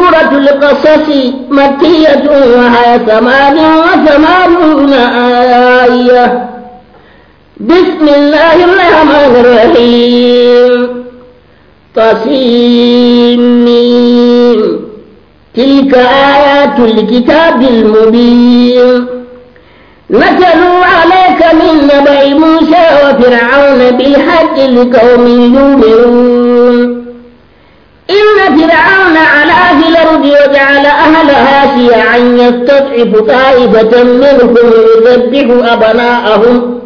سورة القصص مكية وهي ثمان وثمانون آية بسم الله الرحمن الرحيم تصيم تلك آيات الكتاب المبين نزلوا عليك من نبأ موسى وفرعون بالحق لقوم يؤمنون إن فرعون وجعل أهلها شيعا يستضعف طائبة منهم يذبح أبناءهم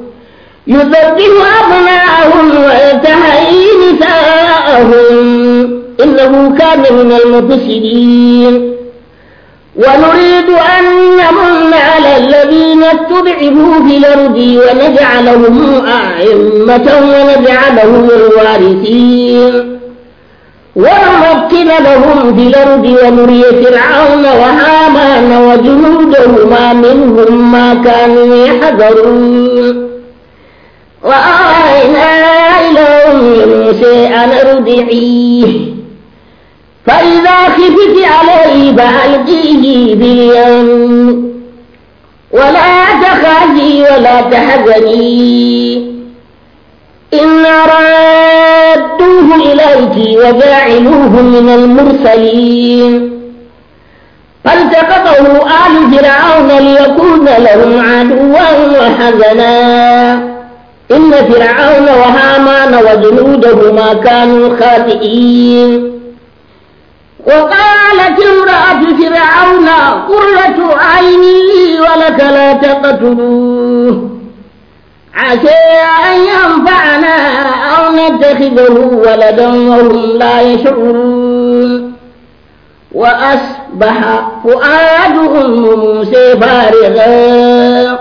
يذبح أبناءهم وينتهي نساءهم إنه كان من المفسدين ونريد أن نمن على الذين استضعفوا في الأرض ونجعلهم أئمة ونجعلهم الوارثين ونمكن لهم بالأرض ونري فرعون وهامان وجنودهما منهم ما كانوا يحذرون وأوحينا إليهم موسى أن ارضعيه فإذا خفت عليه فألقيه باليم ولا تخافي ولا تحزني إليك وجاعلوه من المرسلين فالتقطه آل فرعون ليكون لهم عدوا وحزنا إن فرعون وهامان وجنودهما كانوا خاطئين وقالت امرأة فرعون قرة عين لي ولك لا تقتلوه عسى أن ينفعنا أو نتخذه ولدا وهم لا يشعرون وأصبح فؤاد أم موسى فارغا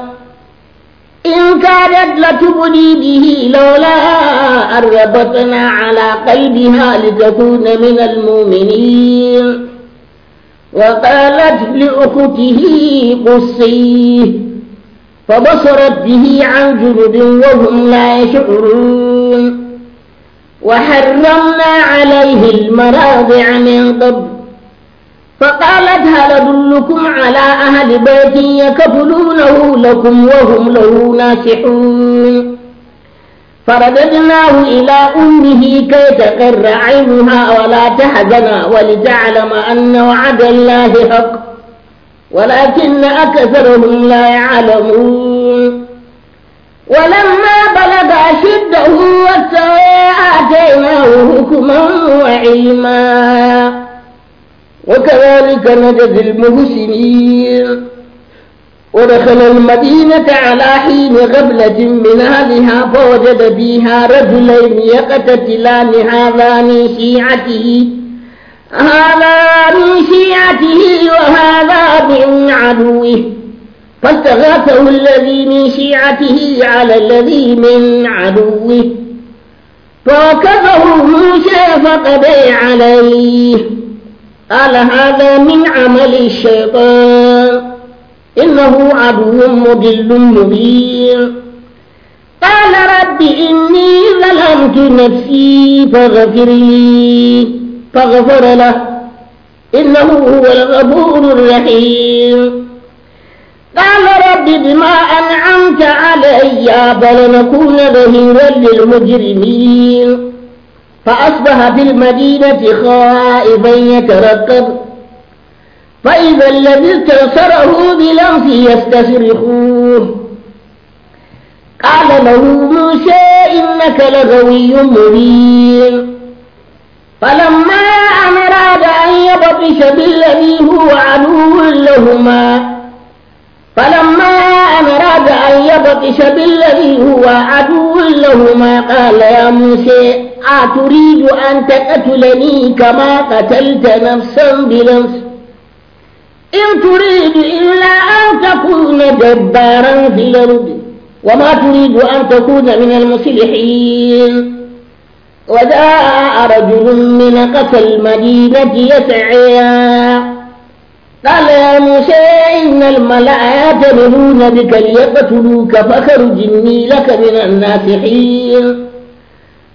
إن كادت لتبدي به لولا أن ربطنا على قلبها لتكون من المؤمنين وقالت لأخته قصيه فبصرت به عن جنب وهم لا يشعرون وحرمنا عليه المراضع من قبل فقالت هل أدلكم على أهل بيت يكفلونه لكم وهم له ناصحون فرددناه إلى أمه كي تقر عينها ولا تهدنا ولتعلم أن وعد الله حق ولكن أكثرهم لا يعلمون ولما بلغ أشده واستوى آتيناه حكما وعلما وكذلك نجزي المحسنين ودخل المدينة على حين غفلة من أهلها فوجد فيها رجلين يقتتلان هذا من شيعته هذا من شيعته فاستغاثه الذي من شيعته على الذي من عدوه فوكفه موسى فقضي عليه قال هذا من عمل الشيطان إنه عدو مضل مبين قال رب إني ظلمت نفسي فاغفر لي فاغفر له إنه هو الغفور الرحيم قال رب بما أنعمت علي فلنكون ظهيرا للمجرمين فأصبح في المدينة خائفا يترقب فإذا الذي استنصره بلمس يستصرخوه قال له موسى إنك لغوي مبين فلما أمراد أن يبطش بالذي هو عدو لهما فلما أراد أن يبطش بالذي هو عدو لهما قال يا موسى أتريد أن تقتلني كما قتلت نفسا بنفس إن تريد إلا أن تكون جبارا في الأرض وما تريد أن تكون من المصلحين وجاء رجل من قتل المدينة يسعيان قال يا موسى إن الملأ يأتمرون بك ليقتلوك فخرج إني لك من الناصحين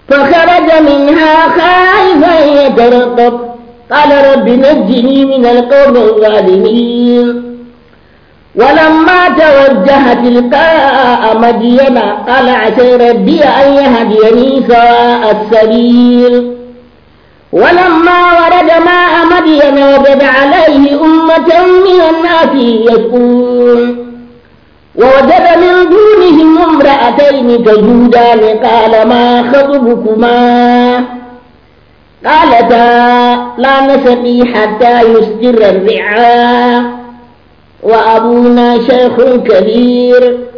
فخرج منها خائفا يترقب قال رب نجني من القوم الظالمين ولما توجه تلقاء مدين قال عسى ربي أن يهديني سواء السبيل ولما ورد ماء مدين وجد عليه أمة من الناس يسكون ووجد من دونهم امرأتين تجودان قال ما خطبكما قالتا لا نسقي حتى يسجر الرعاء وأبونا شيخ كبير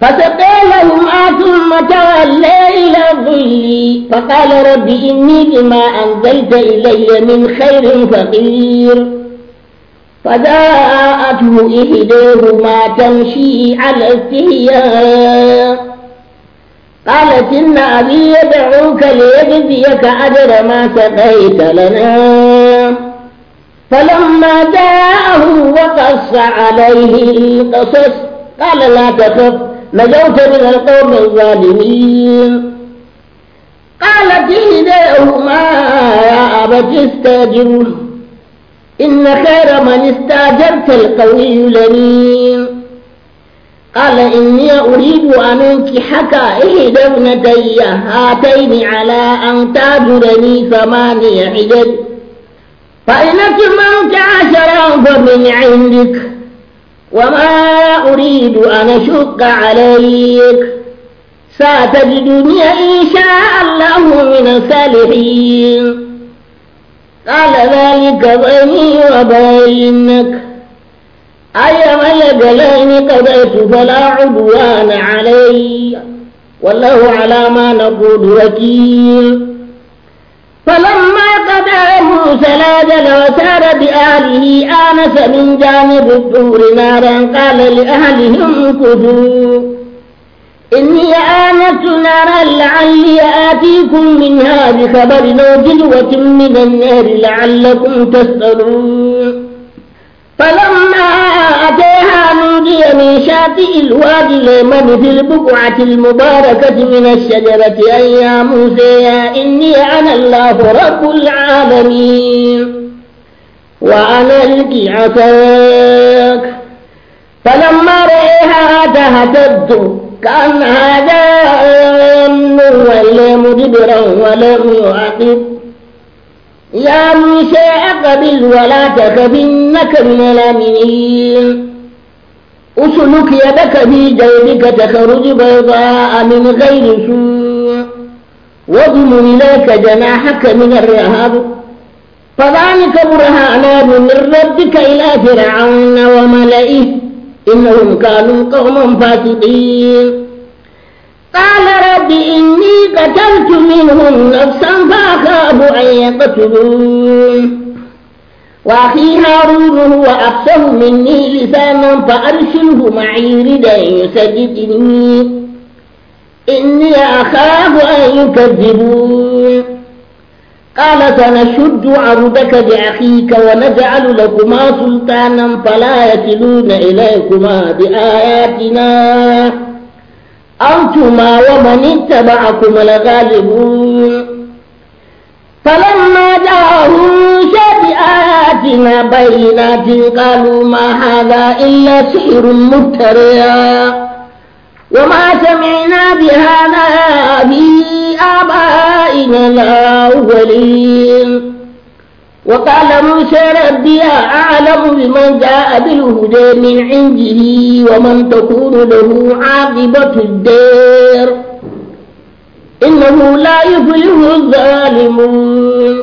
فتبينهما ثم تولى إلى الظل فقال ربي إني بما أنزلت إلي من خير فقير فجاءته إحداهما تمشي على استحياء قالت إن أبي يدعوك ليجزيك أجر ما سقيت لنا فلما جاءه وقص عليه القصص قال لا تخف نجوت من القوم الظالمين قالت إليهما يا أبت استاجره إن خير من استاجرت القوي الأمين قال إني أريد أن أنكحك إحدى ابنتي هاتين على أن تاجرني ثماني حجج فإنك منك عشرا فمن عندك وما أريد أن أشق عليك ستجدني إن شاء الله من الصالحين قال ذلك بيني وبينك أيما الجلين قضيت فلا عدوان علي والله على ما نقول وكيل فلما قضى موسى الأجل وسار بأهله آنس من جانب الدور نارا قال لأهلهم كثوا إني آنست نارا لعلي آتيكم منها بخبر أو جلوة من النار لعلكم تسألون فلما أتاها نودي من شاطئ الوادي الأيمن في البقعة المباركة من الشجرة أي يا موسى إني أنا الله رب العالمين وأنا ألقي عصاك فلما رأيها تهتد هذا جان ولا مدبرا ولم يعقب يا موسى أقبل ولا تخف إنك من الآمنين أسلك يدك في جيبك تخرج بيضاء من غير سوء وضم إليك جناحك من الرهاب فذلك برهانان من ربك إلى فرعون وملئه إنهم كانوا قوما فاسقين قال رب إني قتلت منهم نفسا فأخاف أن يقتلون وأخي هارون هو أفصح مني لسانا فأرسله معي ردا يسددني إني أخاف أن يكذبون قال سنشد عرضك بأخيك ونجعل لكما سلطانا فلا يصلون إليكما بآياتنا أنتما ومن اتبعكم لغالبون فلما جاءهم بآياتنا بينات قالوا ما هذا إلا سحر مفترى وما سمعنا بهذا في آبائنا الأولين وقال موسى ربي أعلم بمن جاء بالهدى من عنده ومن تكون له عاقبة الدير إنه لا يفلح الظالمون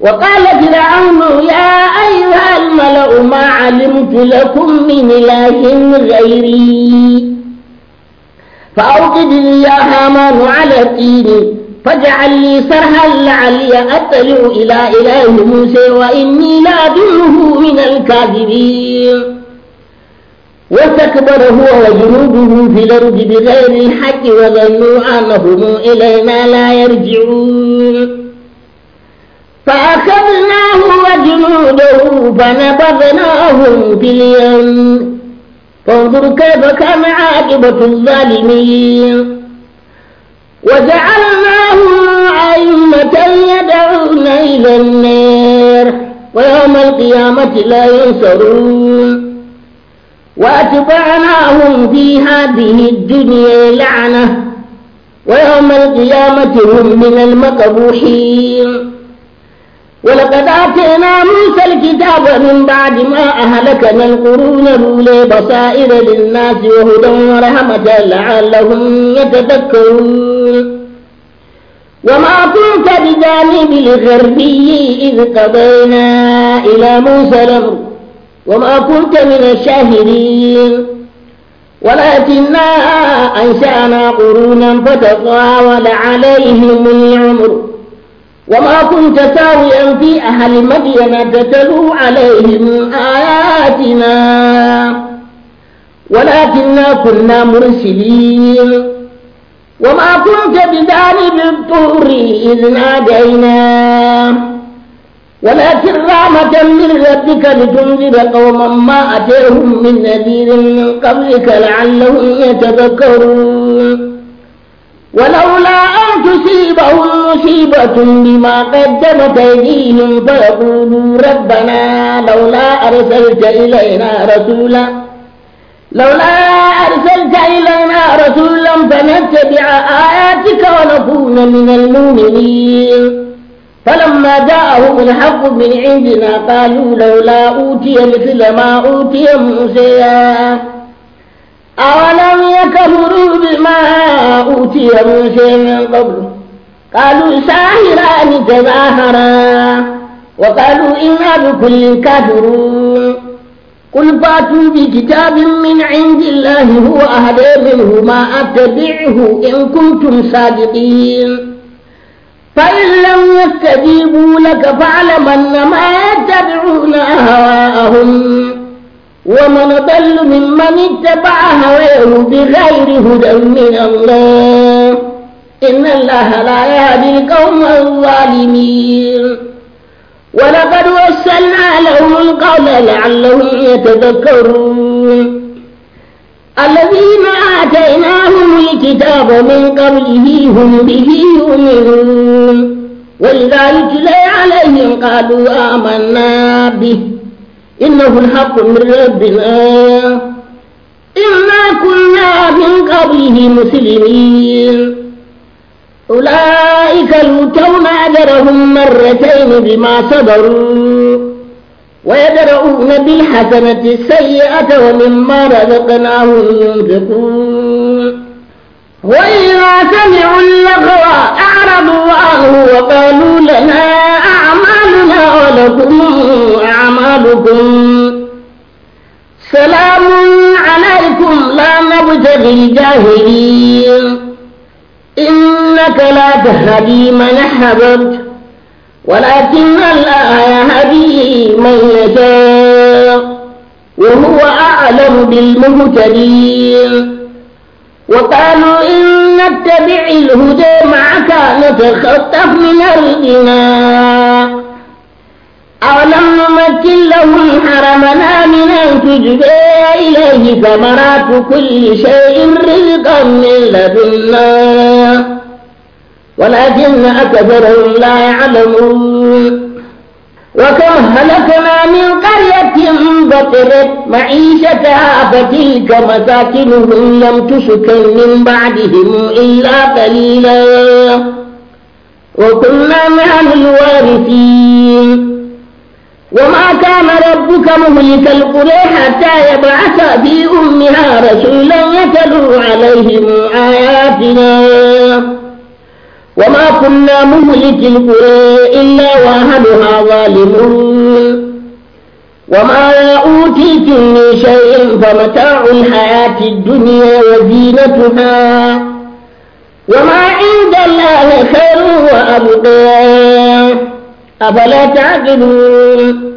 وقال فرعون يا أيها الملأ ما علمت لكم من إله غيري فأوقد لي يا هامان على الدين فاجعل لي صرحا لعلي أطلع إلى إله موسى وإني لأظنه من الكاذبين واستكبر هو وجنوده في الأرض بغير الحق وظنوا أنهم إلينا لا يرجعون فأخذناه وجنوده فنبذناهم في اليم فانظر كيف كان عاقبة الظالمين وجعلنا ليلة إلى النار ويوم القيامة لا ينصرون وأتبعناهم في هذه الدنيا لعنة ويوم القيامة هم من المقبوحين ولقد آتينا موسى الكتاب من بعد ما أهلكنا القرون الأولى بصائر للناس وهدى ورحمة لعلهم يتذكرون وما كنت بجانب الغربي إذ قضينا إلى موسى الأمر وما كنت من الشاهدين ولكننا أنشأنا قرونا فتطاول عليهم العمر وما كنت ساويا في أهل مدينة تتلو عليهم آياتنا ولكننا كنا مرسلين وما كنت بجانب الطور إذ نادينا ولكن رحمة من ربك لتنذر قوما ما أتيهم من نذير من قبلك لعلهم يتذكرون ولولا أن تصيبهم مصيبة بما قدمت أيديهم فيقولوا ربنا لولا أرسلت إلينا رسولا لولا أرسلت إلينا رسولا فنتبع آياتك ونكون من المؤمنين فلما جاءهم الحق من عندنا قالوا لولا أوتي مثل ما أوتي موسى أولم يكفروا بما أوتي موسى من قبل قالوا ساحران تظاهرا وقالوا إنا بكل كافرون قل فاتوا بكتاب من عند الله هو أهدى منهما أتبعه إن كنتم صادقين فإن لم يستجيبوا لك فاعلم أنما يتبعون أهواءهم ومن ضل ممن اتبع هواه بغير هدى من الله إن الله لا يهدي القوم الظالمين ولقد وسلنا لهم القول لعلهم يتذكرون الذين آتيناهم الكتاب من قبله هم به يؤمنون وإذا يتلى عليهم قالوا آمنا به إنه الحق من ربنا إنا كنا من قبله مسلمين أولئك يؤتون أجرهم مرتين بما صبروا ويدرؤون بالحسنة السيئة ومما رزقناهم ينفقون وإذا سمعوا اللغو أعرضوا عنه وقالوا لنا أعمالنا ولكم أعمالكم سلام عليكم لا نبتغي الجاهلين إنك لا تهدي من أحببت ولكن الله يهدي من يشاء وهو أعلم بالمهتدين وقالوا إن نتبع الهدى معك نتخطف من أرضنا أولم نمكن لهم حرمنا من أن تجبى إليه ثمرات كل شيء رزقا من لدنا ولكن أكثرهم لا يعلمون وكم هلكنا من قرية بطرت معيشتها فتلك مساكنهم لم تسكن من بعدهم إلا قليلا وكنا نحن الوارثين وما كان ربك مهلك القرى حتى يبعث في أمها رسولا يتلو عليهم آياتنا وما كنا مهلك القرى إلا وأهلها ظالمون وما أوتيتم من شيء فمتاع الحياة الدنيا وزينتها وما عند الله خير وأبقى أفلا تعقلون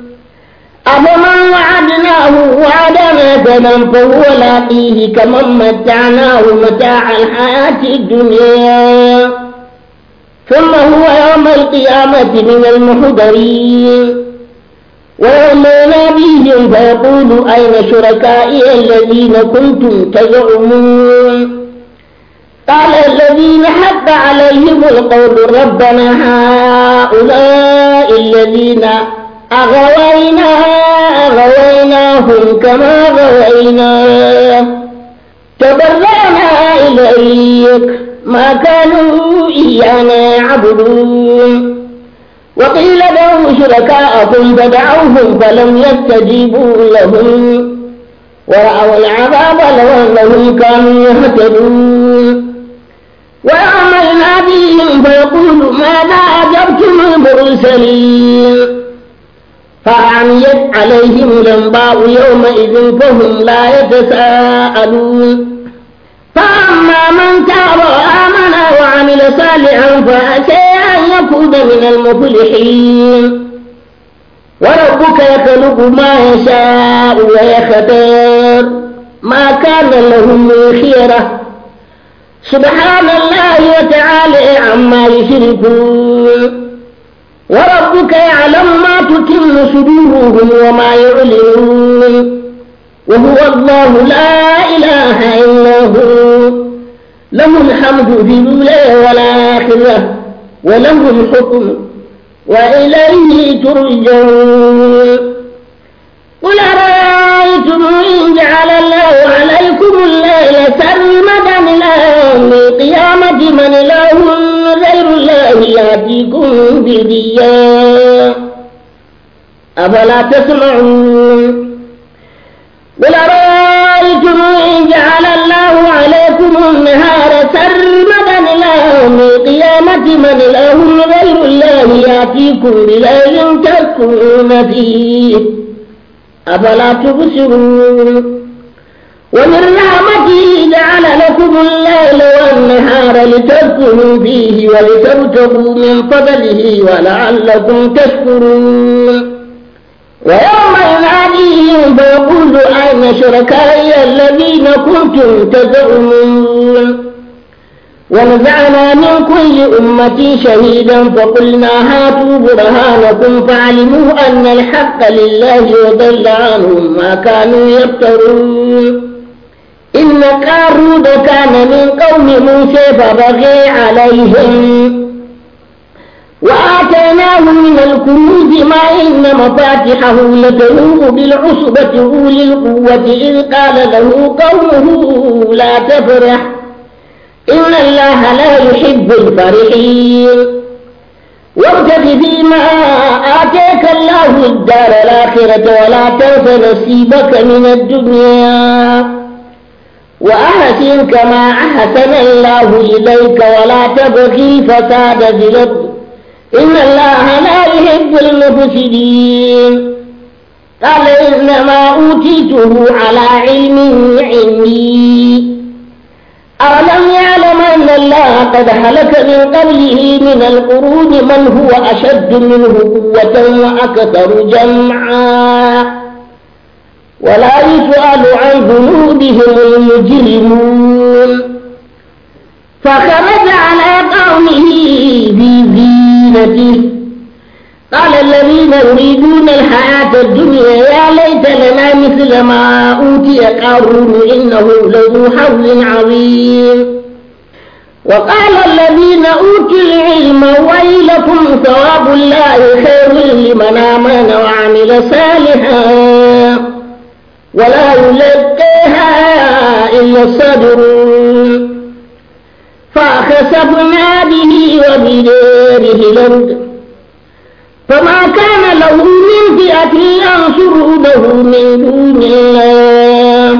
أفمن وعدناه وعدنا سنا فهو لاقيه كمن متعناه متاع الحياة الدنيا ثم هو يوم القيامة من المحضرين ويوم يناديهم فيقول أين شركائي الذين كنتم تزعمون قال الذين حق عليهم القول ربنا هؤلاء الذين أغوينا أغويناهم كما غوينا تبرأنا إليك ما كانوا إيانا يعبدون وقيل دعوا شركاءكم فدعوهم فلم يستجيبوا لهم ورأوا العذاب لو أنهم كانوا يهتدون وعملنا بهم فيقول ماذا أجبتم المرسلين فعميت عليهم الأنباء يومئذ فهم لا يتساءلون فأما من تاب صالحا فعسى أن يكون من المفلحين وربك يخلق ما يشاء ويختار ما كان لهم من خيرة سبحان الله وتعالى عما يشركون وربك يعلم ما تكن صدورهم وما يعلنون وهو الله لا إله إلا هو لهم الحمد في الأولى والآخرة وله الحكم وإليه ترجعون قل أرأيتم إن جعل الله عليكم الليل سرمدا إلى يوم القيامة من إله غير الله يأتيكم بضياء أفلا تسمعون قل أرأيتم إن جعل الله عليكم النهار من إله غير الله يأتيكم بليل تركون فيه أفلا تبصرون ومن رحمته جعل لكم الليل والنهار لتسكنوا فيه ولتبتغوا من فضله ولعلكم تشكرون ويوم يناديهم فيقول أين شركائي الذين كنتم تزعمون ونزعنا من كل أمة شهيدا فقلنا هاتوا برهانكم فعلموا أن الحق لله وضل عنهم ما كانوا يفترون إن قارود كان من قوم موسى فبغي عليهم وآتيناه من الكنوز ما إن مفاتحه لتنوء بالعصبة أولي القوة إذ قال له قومه لا تفرح إن الله لا يحب الفرحين وابتغ فيما آتاك الله الدار الآخرة ولا تنس نصيبك من الدنيا وأحسن كما أحسن الله إليك ولا تبغي فساد في الأرض إن الله لا يحب المفسدين قال إنما أوتيته على علم عندي أولم يعلم أن الله قد هلك من قبله من القرون من هو أشد منه قوة وأكثر جمعا ولا يسأل عن ذنوبهم المجرمون فخرج على قومه في زينته قال الذين يريدون الحياة الدنيا يا ليت لنا مثل ما أوتي قارون إنه لذو حظ عظيم وقال الذين أوتوا العلم ويلكم ثواب الله خير لمن آمن وعمل صالحا ولا يلقيها إلا الصابرون فخسفنا به وبداره الأرض فما كان له من فئة ينصرونه من دون الله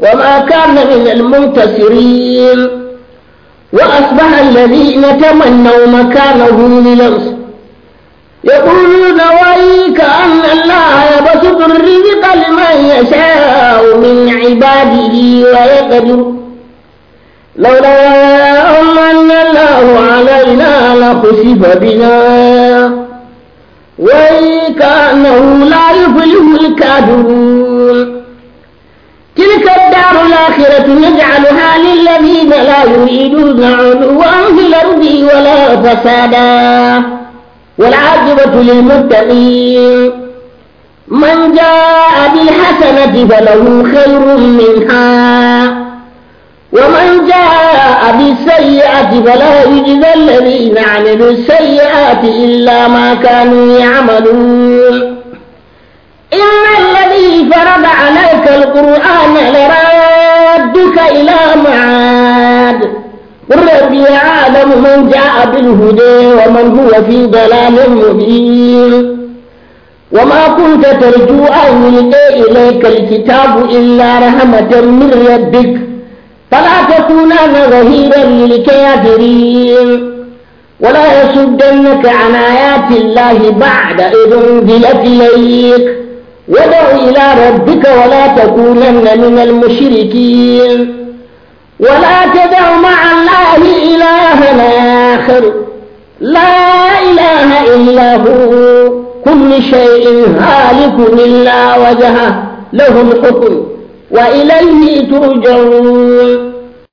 وما كان من المنتصرين وأصبح الذين تمنوا مكانه للأمس يقولون ويك أن الله يبسط الرزق لمن يشاء من عباده ويقدر لولا أن الله علينا لخسف بنا ويك لا يفلح الكافرون تلك الدار الآخرة نجعلها للذين لا يريدون علوا في الأرض ولا فسادا والعاقبة للمتقين من جاء بالحسنة فله خير منها ومن جاء أصحاب السيئة فلا يجزى الذين عملوا السيئات إلا ما كانوا يعملون إن الذي فرض عليك القرآن لرادك إلى معاد قل ربي أعلم من جاء بالهدى ومن هو في ضلال مبين وما كنت ترجو أن يلقى إليك الكتاب إلا رحمة من ربك فلا تكونن ظهيرا للكافرين ولا يصدنك عن آيات الله بعد إذ أنزلت إليك ودع إلى ربك ولا تكونن من المشركين ولا تدع مع الله إلها آخر لا إله إلا هو كل شيء هالك إلا وجهه له الحكم وإليه ترجعون